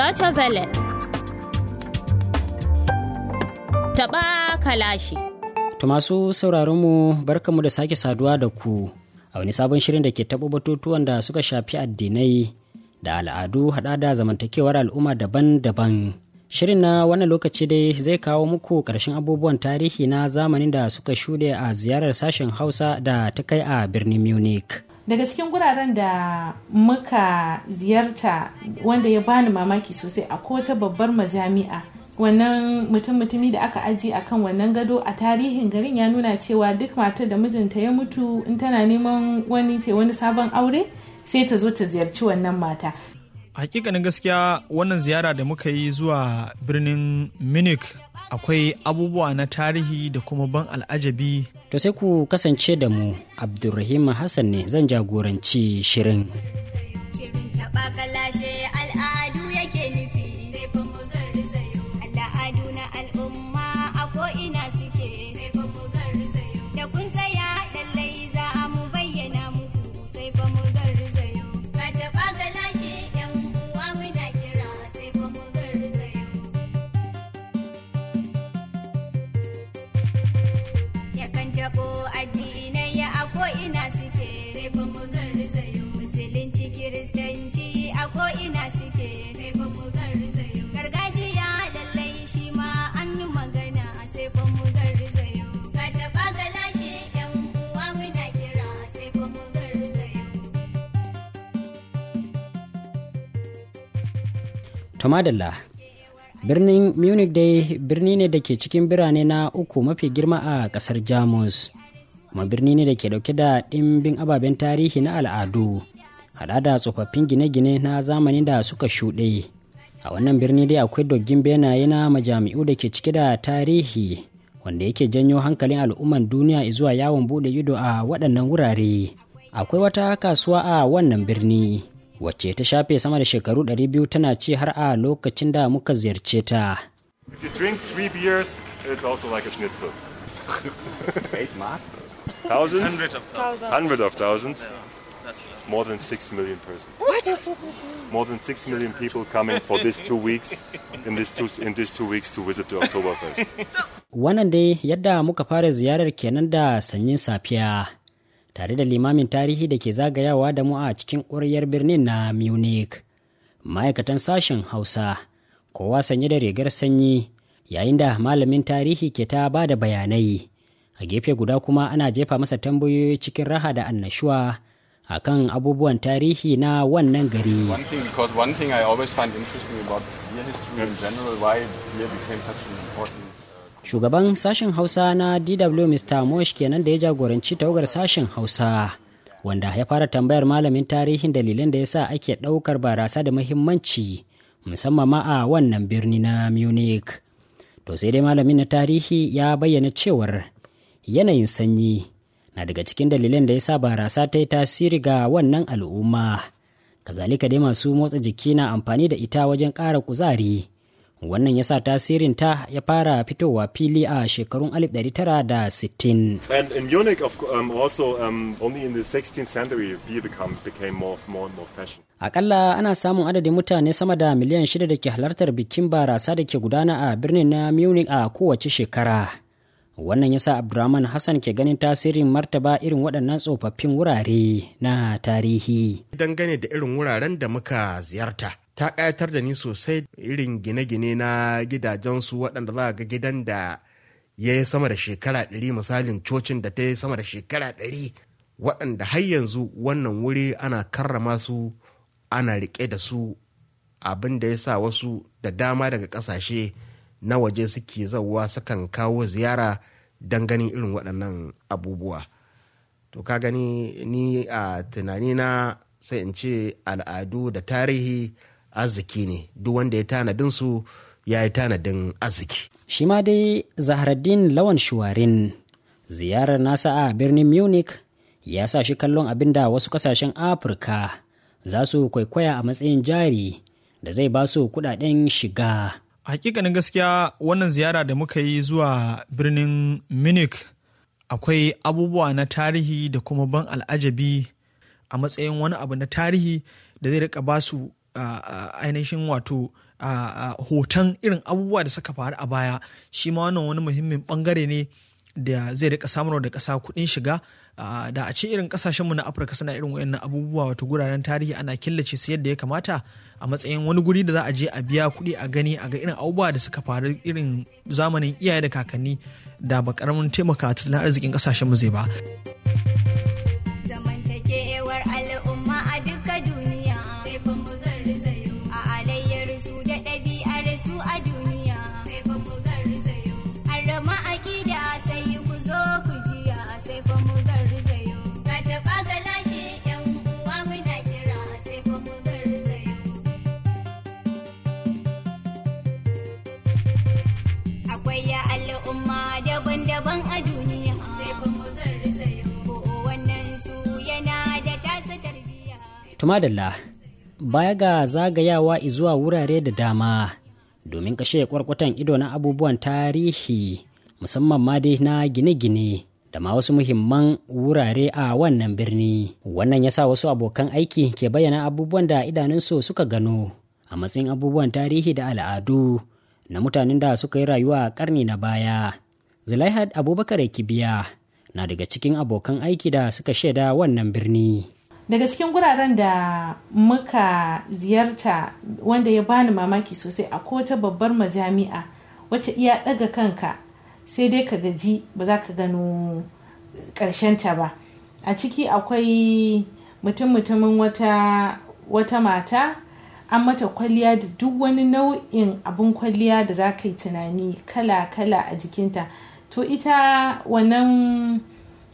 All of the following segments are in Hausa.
Deutsche Welle. Taɓa kalashi. To masu sauraronmu barkamu da sake saduwa da ku a wani sabon shirin da ke taɓo batutuwan da suka shafi addinai da al'adu haɗa da zamantakewar al'umma daban-daban. Shirin na wannan lokaci dai zai kawo muku ƙarshen abubuwan tarihi na zamanin da suka shuɗe a ziyarar sashen Hausa da ta kai a birnin Munich. daga cikin guraren da muka ziyarta wanda ya bani mamaki sosai a ta babbar majami'a wannan mutum-mutumi da aka aji a kan wannan gado a tarihin garin ya nuna cewa duk matar da mijinta ya mutu in tana neman wani te wani sabon aure sai ta zo ta ziyarci wannan mata hakikanin gaskiya wannan ziyara da muka yi zuwa birnin munich akwai abubuwa na tarihi da kuma ban al'ajabi to sai ku kasance da mu abdulrahim hassan ne zan jagoranci shirin Tomadalla Birnin Munich dai birni ne da ke cikin birane na uku mafi girma a ƙasar Jamus. Kuma birni ne da ke dauke da ɗimbin ababen tarihi na al'adu, hada da tsofaffin gine-gine na zamani da suka shuɗe. A wannan birni dai akwai doggin benaye na majami'u da ke cike da tarihi wanda yake janyo hankalin al'umman duniya zuwa yawon bude ido a waɗannan wurare. Akwai wata kasuwa a wannan birni. wacce ta shafe sama da shekaru 200 tana ci har a lokacin da muka ziyarce ta. Thousands? Hundreds of thousands. Hundreds of thousands? More than 6 million persons. What? More than six million people coming for these two weeks, in these two, in these two weeks to visit to Oktoberfest. Wannan dai yadda muka fara ziyarar kenan da sanyin safiya. tare da limamin tarihi da ke zagayawa da mu a cikin ƙwaryar birnin na munich ma'aikatan sashen hausa kowa sanye da rigar sanyi yayin da malamin tarihi ke ta ba da bayanai a gefe guda kuma ana jefa masa tambayoyi cikin raha da annashuwa a kan abubuwan tarihi na wannan gari. One shugaban sashen hausa na dw mr mosh kenan da ya jagoranci tawagar sashen hausa wanda ya fara tambayar malamin tarihin dalilin da ya sa ake ɗaukar barasa da muhimmanci musamman ma a wannan birni na munich to sai dai malamin na tarihi ya bayyana cewar yanayin sanyi na daga cikin dalilan da ya sa barasa ta yi tasiri ga wannan al'umma kazalika dai masu motsa jiki na amfani da ita wajen ƙara kuzari wannan ya sa ta ya fara fitowa fili a shekarun 1960 akalla um, um, ana samun adadin mutane sama da miliyan shida da ke halartar bikin barasa da ke gudana a birnin na munich a kowace shekara wannan yasa abdurrahman hassan ke ganin tasirin martaba irin waɗannan tsofaffin wurare na tarihi dangane da irin wuraren da muka ziyarta ta ƙayatar da ni sosai irin gine-gine na gidajensu waɗanda za ga gidan da ya yi sama da shekara ɗari misalin cocin da ta yi sama da shekara ɗari waɗanda har yanzu wannan wuri ana karrama su ana rike da su abin da ya sa wasu da dama daga ƙasashe na waje suke zauwa sukan kawo ziyara don ganin irin waɗannan abubuwa to ka gani ni a tunanina sai in ce al'adu da tarihi arziki ne duk wanda ya tanadin su ya yi tanadin arziki shi ma dai zahraddin lawan shuwarin ziyarar nasa a birnin munich ya sa shi kallon abin da wasu kasashen afirka za su kwaikwaya a matsayin jari da zai ba su kudaden shiga hakikanin gaskiya wannan ziyara da muka yi zuwa birnin munich akwai abubuwa na tarihi da kuma ban al'ajabi a matsayin wani abu na tarihi da zai rika su ainihin wato hoton irin abubuwa da suka faru a baya shi ma wannan wani muhimmin bangare ne da zai rika samun da ƙasa kuɗin shiga da a ce irin ƙasashenmu na afirka suna irin wayan abubuwa wato guraren tarihi ana killace su yadda ya kamata a matsayin wani guri da za a je a biya kuɗi a gani a ga irin abubuwa da suka faru irin zamanin iyaye da kakanni da ba ƙaramin taimaka tattalin arzikin ƙasashenmu zai ba. Tumadalla, baya ga zagayawa zuwa wurare da dama domin kashe kwarkwatan ido na abubuwan tarihi musamman ma dai na gine-gine da ma wasu muhimman wurare a wannan birni. Wannan yasa wasu abokan aiki ke bayyana abubuwan da idanunsu suka gano a matsayin abubuwan tarihi da al'adu na mutanen da suka yi rayuwa a karni na baya. Zulaihad Abubakar Kibiya na daga cikin abokan aiki da suka shaida wannan birni. daga cikin guraren da muka ziyarta wanda ya bani mamaki sosai a wata babbar majami'a wacce iya ɗaga kanka sai dai ka gaji ba za ka gano ta ba a ciki akwai mutum-mutumin wata, wata mata an mata kwalliya da duk wani nau'in abin kwalliya da za ka yi tunani kala-kala a jikinta to ita wannan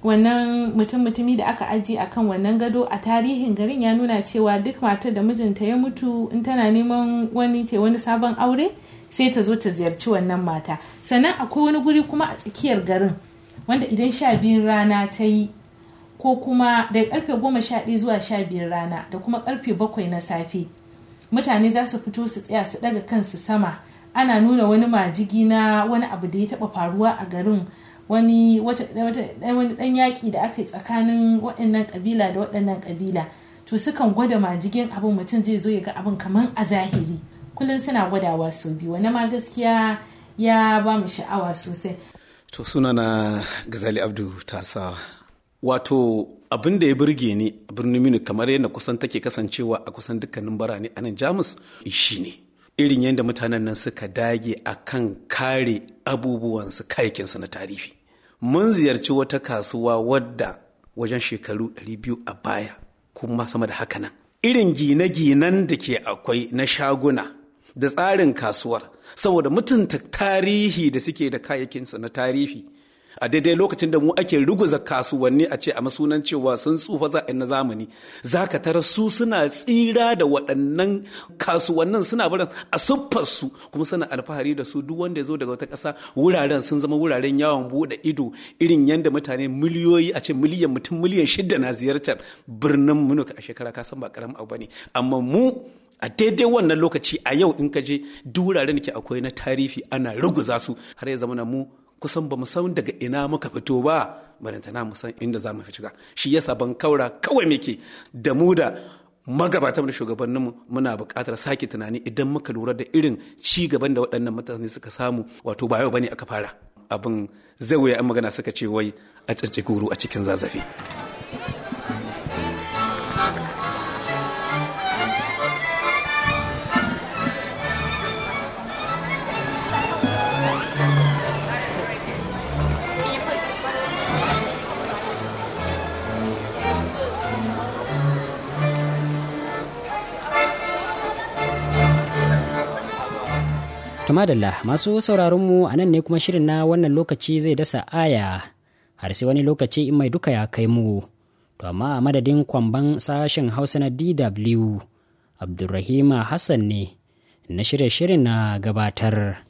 wannan mutum-mutumi da aka aji a kan wannan gado a tarihin garin ya nuna cewa duk matar da mijinta ya mutu in tana neman wani ta wani sabon aure sai ta zo ta ziyarci wannan mata sannan akwai wani guri kuma a tsakiyar garin wanda idan sha biyun rana ta yi ko kuma da karfe goma sha ɗaya zuwa sha biyun rana da kuma karfe bakwai na safe mutane za su fito su tsaya su ɗaga kansu sama ana nuna wani majigi na wani abu da ya taɓa faruwa a garin wani ɗan yaƙi da aka yi tsakanin waɗannan ƙabila da waɗannan ƙabila to sukan gwada ma majigin abin mutum zai zo ya ga abin kamar a zahiri kullum suna gwadawa sau biyu wani ma gaskiya ya ba mu sha'awa sosai to suna na gazali abdu tasa wato abin da ya burge ni birnin minu kamar yadda kusan take kasancewa a kusan dukkanin birane a nan jamus shi ne irin yadda mutanen nan suka dage a kan kare abubuwansu kayakinsu na tarihi mun ziyarci wata kasuwa wadda wajen shekaru 200 a baya kuma sama da haka nan irin gine-ginen da ke akwai na shaguna da tsarin kasuwar saboda mutunta tarihi da suke da kayakinsa na tarihi a daidai lokacin da mu ake ruguza kasuwanni a ce a masunan cewa sun tsufa za na zamani za ka tara su suna tsira da waɗannan kasuwannin suna barin a siffar su kuma suna alfahari da su duk wanda ya zo daga wata ƙasa wuraren sun zama wuraren yawon buɗe ido irin yadda mutane miliyoyi a ce miliyan mutum miliyan shida na ziyartar birnin munuk a shekara ka san ba karamin abu ne amma mu a daidai wannan lokaci a yau in ka je duk wuraren da ke akwai na tarihi ana ruguza su har ya zama na mu kusan ba mu san daga ina muka fito ba barantana mu san inda za mu fi shiga shi yasa ban kaura kawai muke da mu da magabatan da shugabannin mu muna buƙatar sake tunani idan muka lura da irin ci gaban da waɗannan mutane suka samu wato ba yau bane aka fara abin zai wuya an magana suka ce wai a cancanci guru a cikin zazzafi Tumadalla masu sauraronmu a nan ne kuma shirin na wannan lokaci zai dasa aya har sai wani lokaci in mai duka ya kai mu. To amma a madadin kwamban sashen Hausa na DW, Abdulrahima Hassan ne na shirye-shirin na gabatar.